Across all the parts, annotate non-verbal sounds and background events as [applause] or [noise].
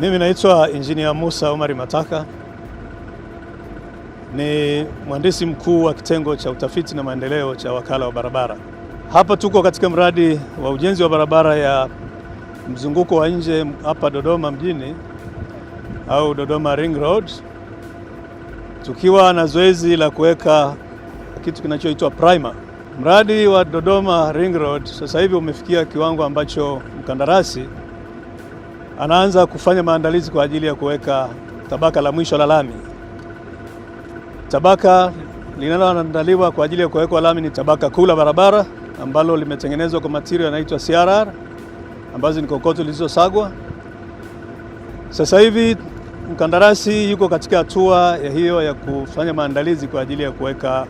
Mimi naitwa Injinia Musa Omari Mataka, ni mhandisi mkuu wa kitengo cha utafiti na maendeleo cha wakala wa barabara. Hapa tuko katika mradi wa ujenzi wa barabara ya mzunguko wa nje hapa Dodoma mjini au Dodoma Ring Road, tukiwa na zoezi la kuweka kitu kinachoitwa primer. Mradi wa Dodoma Ring Road sasa hivi umefikia kiwango ambacho mkandarasi anaanza kufanya maandalizi kwa ajili ya kuweka tabaka la mwisho la lami. Tabaka linaloandaliwa kwa ajili ya kuwekwa lami ni tabaka kuu la barabara ambalo limetengenezwa kwa matirio yanaitwa CRR ambazo ni kokoto zilizosagwa. Sasa hivi mkandarasi yuko katika hatua ya hiyo ya kufanya maandalizi kwa ajili ya kuweka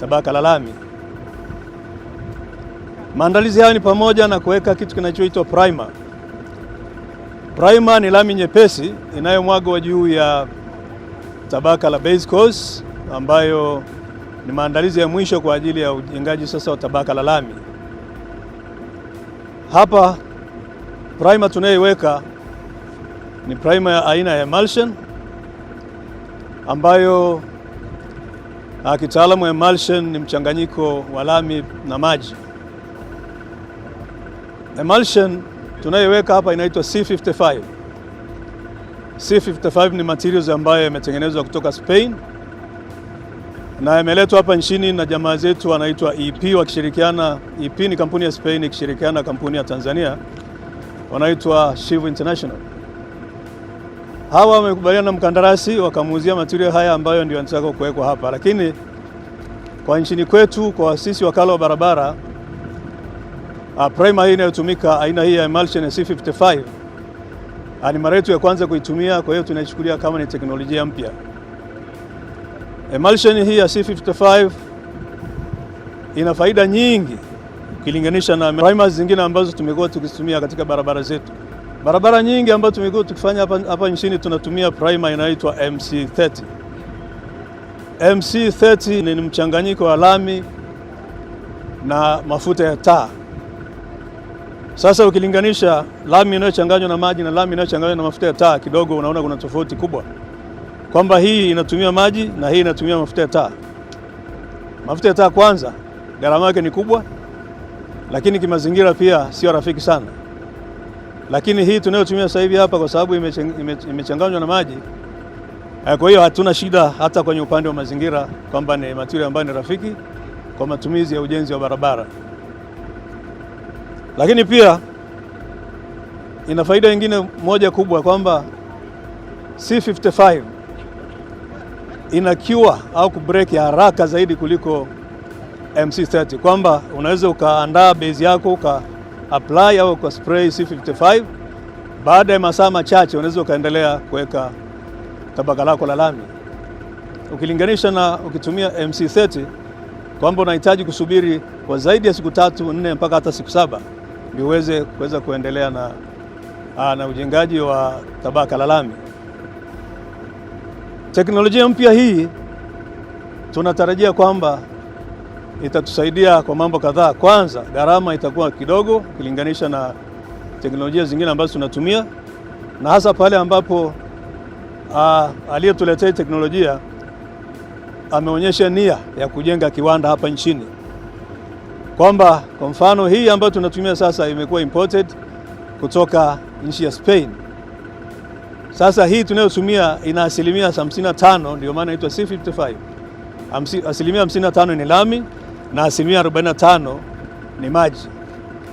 tabaka la lami. Maandalizi hayo ni pamoja na kuweka kitu kinachoitwa primer Primer ni lami nyepesi inayomwagwa juu ya tabaka la base course ambayo ni maandalizi ya mwisho kwa ajili ya ujengaji sasa wa tabaka la lami. Hapa primer tunayoiweka ni primer ya aina ya emulsion ambayo kitaalamu emulsion ni mchanganyiko wa lami na maji. Emulsion tunayoiweka hapa inaitwa C55. C55 ni materials ambayo yametengenezwa kutoka Spain na yameletwa hapa nchini na jamaa zetu wanaitwa EP wakishirikiana. EP ni kampuni ya Spain ikishirikiana kampuni ya Tanzania wanaitwa Shivu International. Hawa wamekubaliana na mkandarasi wakamuuzia material haya ambayo ndio yanataka kuwekwa hapa, lakini kwa nchini kwetu, kwa sisi wakala wa barabara Uh, primer hii inayotumika aina hii ya emulsion C55 ah, ni mara yetu ya kwanza kuitumia, kwa hiyo tunaichukulia kama ni teknolojia mpya. Emulsion hii ya C55 ina faida nyingi ukilinganisha na primers zingine ambazo tumekuwa tukizitumia katika barabara zetu. Barabara nyingi ambazo tumekuwa tukifanya hapa, hapa nchini tunatumia primer inaitwa MC30. MC30 ni mchanganyiko wa lami na mafuta ya taa. Sasa ukilinganisha lami inayochanganywa na maji na lami inayochanganywa na mafuta ya taa, kidogo unaona kuna tofauti kubwa, kwamba hii inatumia maji na hii inatumia mafuta ya taa. Mafuta ya taa kwanza, gharama yake ni kubwa, lakini kimazingira pia sio rafiki sana. Lakini hii tunayotumia sasa hivi hapa, kwa sababu imechanganywa na maji, eh, kwa hiyo hatuna shida hata kwenye upande wa mazingira, kwamba ni material ambayo ni rafiki kwa matumizi ya ujenzi wa barabara. Lakini pia ina faida nyingine moja kubwa kwamba C55 ina cure au kubreak ya haraka zaidi kuliko MC30, kwamba unaweza ukaandaa base yako uka apply au kwa spray C55, baada ya masaa machache unaweza ukaendelea kuweka tabaka lako la lami, ukilinganisha na ukitumia MC30 kwamba unahitaji kusubiri kwa zaidi ya siku tatu nne mpaka hata siku saba liweze kuweza kuendelea na, ah, na ujengaji wa tabaka la lami. Teknolojia mpya hii tunatarajia kwamba itatusaidia kwa mambo kadhaa. Kwanza, gharama itakuwa kidogo ukilinganisha na teknolojia zingine ambazo tunatumia, na hasa pale ambapo ah, aliyetuletea teknolojia ameonyesha nia ya kujenga kiwanda hapa nchini kwamba kwa mfano hii ambayo tunatumia sasa imekuwa imported kutoka nchi ya Spain. Sasa hii tunayotumia ina asilimia 55, ndio maana inaitwa C55. Asilimia 55 ni lami na asilimia 45 ni maji.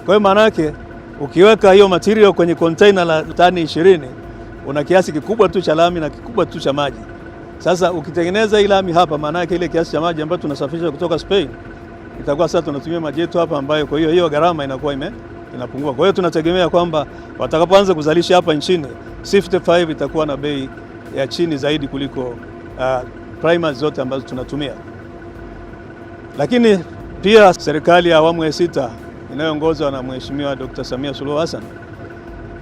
Kwa hiyo maana yake ukiweka hiyo material kwenye container la tani 20 una kiasi kikubwa tu cha lami na kikubwa tu cha maji. Sasa ukitengeneza hii lami hapa, maana yake ile kiasi cha maji ambayo tunasafisha kutoka Spain itakuwa sasa tunatumia maji yetu hapa, ambayo kwa hiyo hiyo gharama inakuwa ime inapungua. Kwa hiyo tunategemea kwamba watakapoanza kuzalisha hapa nchini Sifte 5 itakuwa na bei ya chini zaidi kuliko uh, primers zote ambazo tunatumia. Lakini pia serikali ya awamu ya sita inayoongozwa na Mheshimiwa Dr. Samia Suluhu Hassan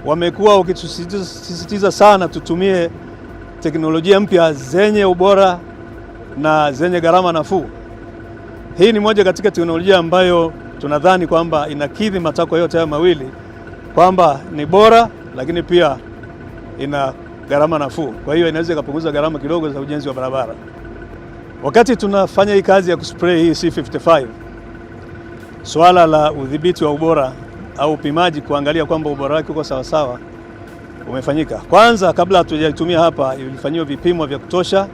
wamekuwa wakitusisitiza sana tutumie teknolojia mpya zenye ubora na zenye gharama nafuu. Hii ni moja katika teknolojia ambayo tunadhani kwamba inakidhi matakwa yote hayo mawili, kwamba ni bora, lakini pia ina gharama nafuu. Kwa hiyo inaweza ikapunguza gharama kidogo za ujenzi wa barabara. Wakati tunafanya hii kazi ya kuspray hii C55, swala la udhibiti wa ubora au upimaji, kuangalia kwamba ubora wake uko sawasawa, umefanyika. Kwanza kabla hatujaitumia hapa, ilifanyiwa vipimo vya kutosha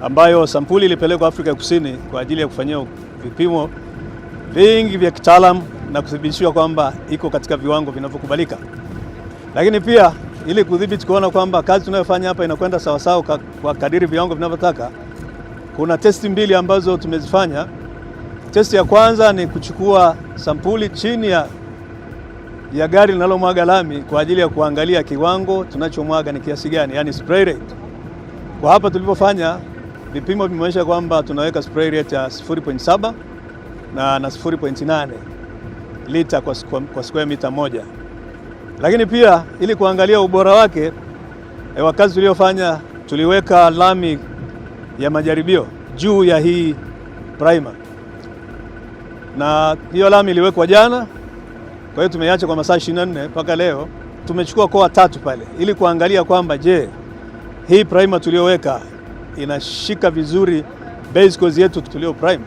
ambayo sampuli ilipelekwa Afrika ya Kusini kwa ajili ya kufanyia vipimo vingi vya kitaalamu na kudhibitishwa kwamba iko katika viwango vinavyokubalika. Lakini pia ili kudhibiti kuona kwamba kazi tunayofanya hapa inakwenda sawasawa kwa kadiri viwango vinavyotaka, kuna testi mbili ambazo tumezifanya. Testi ya kwanza ni kuchukua sampuli chini ya, ya gari linalomwaga lami kwa ajili ya kuangalia kiwango tunachomwaga ni kiasi gani, yani spray rate. Kwa hapa tulipofanya Vipimo vimeonyesha kwamba tunaweka spray rate ya 0.7 na na 0.8 lita kwa, kwa square mita moja, lakini pia ili kuangalia ubora wake e, eh, wakazi tuliofanya tuliweka lami ya majaribio juu ya hii primer, na hiyo lami iliwekwa jana, kwa hiyo tumeiacha kwa masaa 24 mpaka leo. Tumechukua koa tatu pale ili kuangalia kwamba je, hii primer tuliyoweka inashika vizuri base course yetu tulio prime,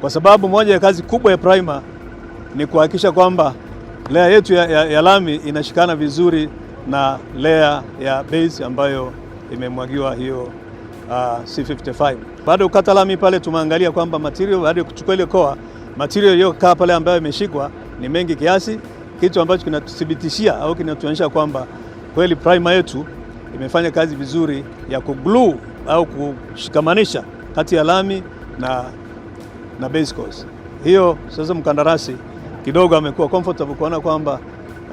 kwa sababu moja ya kazi kubwa ya primer ni kuhakikisha kwamba lea yetu ya, ya, ya lami inashikana vizuri na lea ya base ambayo imemwagiwa hiyo uh, C55. Baada ya kukata lami pale, tumeangalia kwamba material baada ya kuchukua ile koa, material iliyokaa pale ambayo imeshikwa ni mengi kiasi, kitu ambacho kinatuthibitishia au kinatuonyesha kwamba kweli primer yetu imefanya kazi vizuri ya kuglue au kushikamanisha kati ya lami na, na base course hiyo. Sasa mkandarasi kidogo amekuwa comfortable kuona kwamba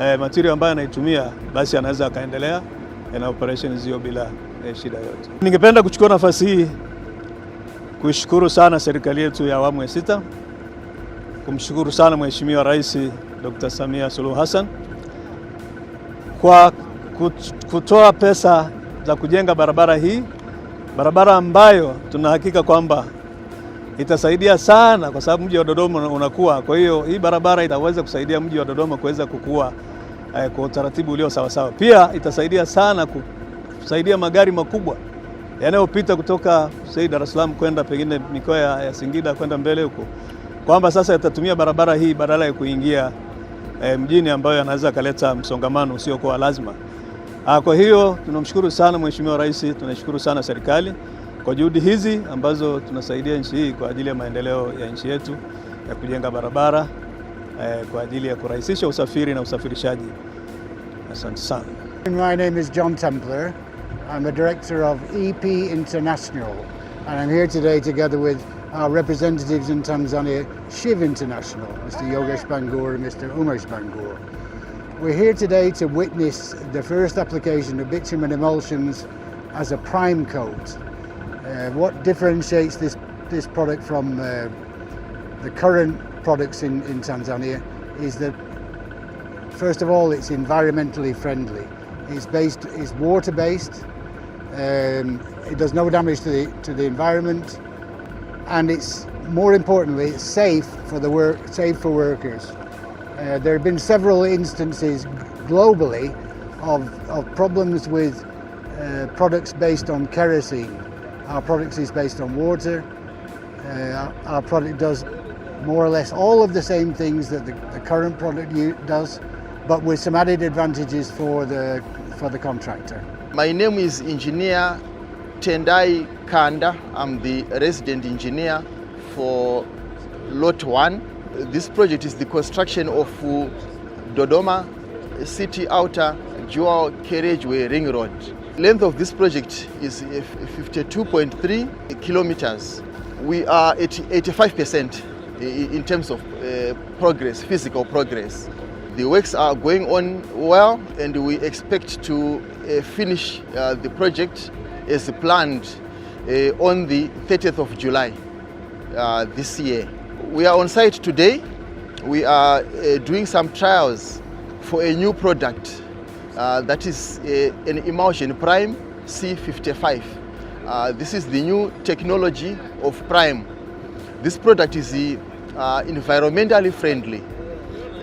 eh, material ambayo anaitumia basi anaweza akaendelea na operation hiyo bila eh, shida yote. Ningependa kuchukua nafasi hii kuishukuru sana serikali yetu ya awamu ya sita, kumshukuru sana Mheshimiwa Rais Dr. Samia Suluhu Hassan kwa kutoa pesa za kujenga barabara hii barabara ambayo tunahakika kwamba itasaidia sana, kwa sababu mji wa Dodoma unakuwa. Kwa hiyo hii barabara itaweza kusaidia mji wa Dodoma kuweza kukua eh, kwa utaratibu ulio sawasawa. Pia itasaidia sana kusaidia magari makubwa yanayopita kutoka sei Dar es Salaam kwenda pengine mikoa ya, ya Singida kwenda mbele huko, kwamba sasa yatatumia barabara hii badala ya kuingia eh, mjini ambayo yanaweza akaleta msongamano usiokuwa lazima. Ah, kwa hiyo tunamshukuru sana Mheshimiwa Rais, tunashukuru sana serikali kwa juhudi hizi ambazo tunasaidia nchi hii kwa ajili ya maendeleo ya nchi yetu ya kujenga barabara eh, kwa ajili ya kurahisisha usafiri na usafirishaji. Asante sana. My name is John Templer. I'm the director of EP International and I'm here today together with our representatives in Tanzania, Shiv International, Mr. Yogesh Bangur and Mr. Umesh Bangur. We're here today to witness the first application of bitumen emulsions as a prime coat. Uh, what differentiates this, this product from uh, the current products in, in Tanzania is that, first of all, it's environmentally friendly. It's, based, it's water-based, um, it does no damage to the, to the environment, and it's, more importantly, it's safe for, the work, safe for workers. Uh, there have been several instances globally of, of problems with uh, products based on kerosene. Our product is based on water. Uh, our, product does more or less all of the same things that the, the current product does, but with some added advantages for the, for the contractor. My name is Engineer Tendai Kanda. I'm the resident engineer for Lot 1 This project is the construction of uh, Dodoma City Outer Dual Carriageway Ring Road. Length of this project is 52.3 uh, kilometers. We are at 85% in terms of uh, progress, physical progress. The works are going on well and we expect to finish the project as planned on the 30th of July this year. We are on site today. We are uh, doing some trials for a new product uh, that is a, eh, an emulsion Prime C55. Uh, this is the new technology of Prime. This product is eh, uh, environmentally friendly.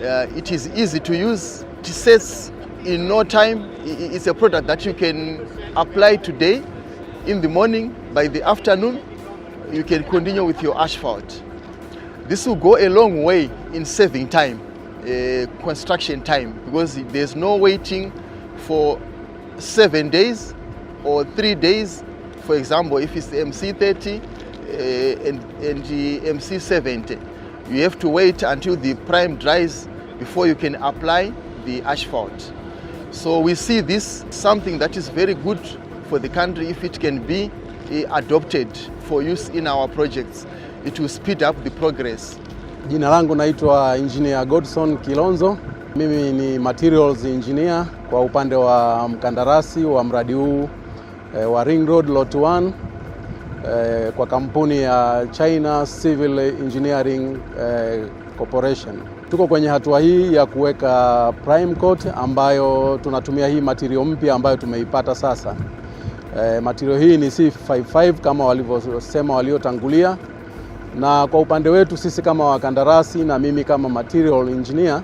Uh, it is easy to use. It says in no time. It's a product that you can apply today in the morning, by the afternoon, you can continue with your asphalt. This will go a long way in saving time, uh, construction time, because there's no waiting for seven days or three days. For example, if it's MC30 uh, eh, and, and the MC70, you have to wait until the prime dries before you can apply the asphalt. So we see this something that is very good for the country if it can be eh, adopted for use in our projects. it will speed up the progress. Jina langu naitwa Engineer Godson Kilonzo. Mimi ni materials engineer kwa upande wa mkandarasi wa mradi huu e, wa Ring Road Lot 1 e, eh, kwa kampuni ya China Civil Engineering e, Corporation. Tuko kwenye hatua hii ya kuweka prime coat ambayo tunatumia hii material mpya ambayo tumeipata sasa. E, material hii ni C55 kama walivyosema waliotangulia na kwa upande wetu sisi kama wakandarasi na mimi kama material engineer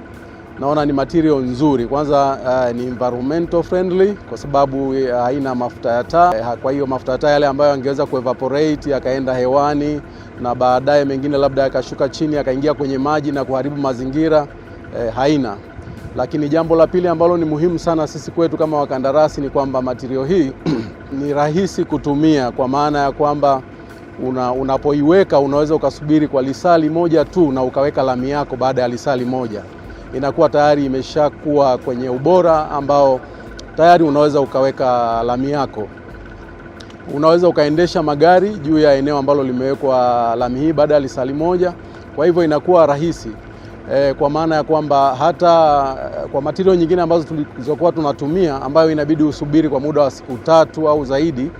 naona ni material nzuri. Kwanza uh, ni environmental friendly kwa sababu eh, haina uh, mafuta ya taa. Eh, kwa hiyo mafuta ya taa yale ambayo angeweza kuevaporate yakaenda hewani na baadaye mengine labda yakashuka chini yakaingia kwenye maji na kuharibu mazingira eh, haina. Lakini jambo la pili ambalo ni muhimu sana sisi kwetu kama wakandarasi ni kwamba material hii [clears throat] ni rahisi kutumia kwa maana ya kwamba una, unapoiweka unaweza ukasubiri kwa lisali moja tu na ukaweka lami yako. Baada ya lisali moja inakuwa tayari imeshakuwa kwenye ubora ambao tayari unaweza ukaweka lami yako. Unaweza ukaendesha magari juu ya eneo ambalo limewekwa lami hii baada ya lisali moja. Kwa hivyo inakuwa rahisi e, kwa maana ya kwamba hata eh, kwa matirio nyingine ambazo tulizokuwa tunatumia ambayo inabidi usubiri kwa muda wa siku tatu au zaidi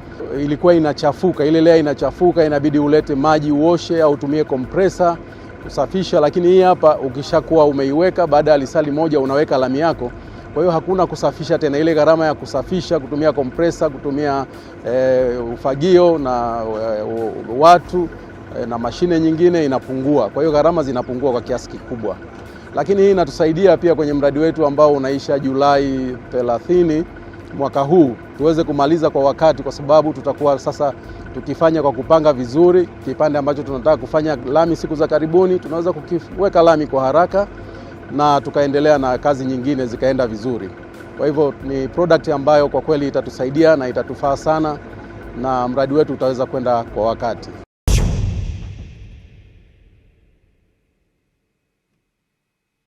ilikuwa inachafuka, ile lea inachafuka, inabidi ulete maji uoshe, au utumie kompresa kusafisha. Lakini hii hapa ukishakuwa umeiweka, baada ya lisali moja unaweka lami yako. Kwa hiyo hakuna kusafisha tena, ile gharama ya kusafisha, kutumia kompresa, kutumia e, ufagio na e, watu e, na mashine nyingine inapungua. Kwa hiyo gharama zinapungua kwa kiasi kikubwa, lakini hii inatusaidia pia kwenye mradi wetu ambao unaisha Julai 30 mwaka huu tuweze kumaliza kwa wakati, kwa sababu tutakuwa sasa tukifanya kwa kupanga vizuri. Kipande ambacho tunataka kufanya lami siku za karibuni, tunaweza kukiweka lami kwa haraka na tukaendelea na kazi nyingine zikaenda vizuri. Kwa hivyo ni product ambayo kwa kweli itatusaidia na itatufaa sana, na mradi wetu utaweza kwenda kwa wakati.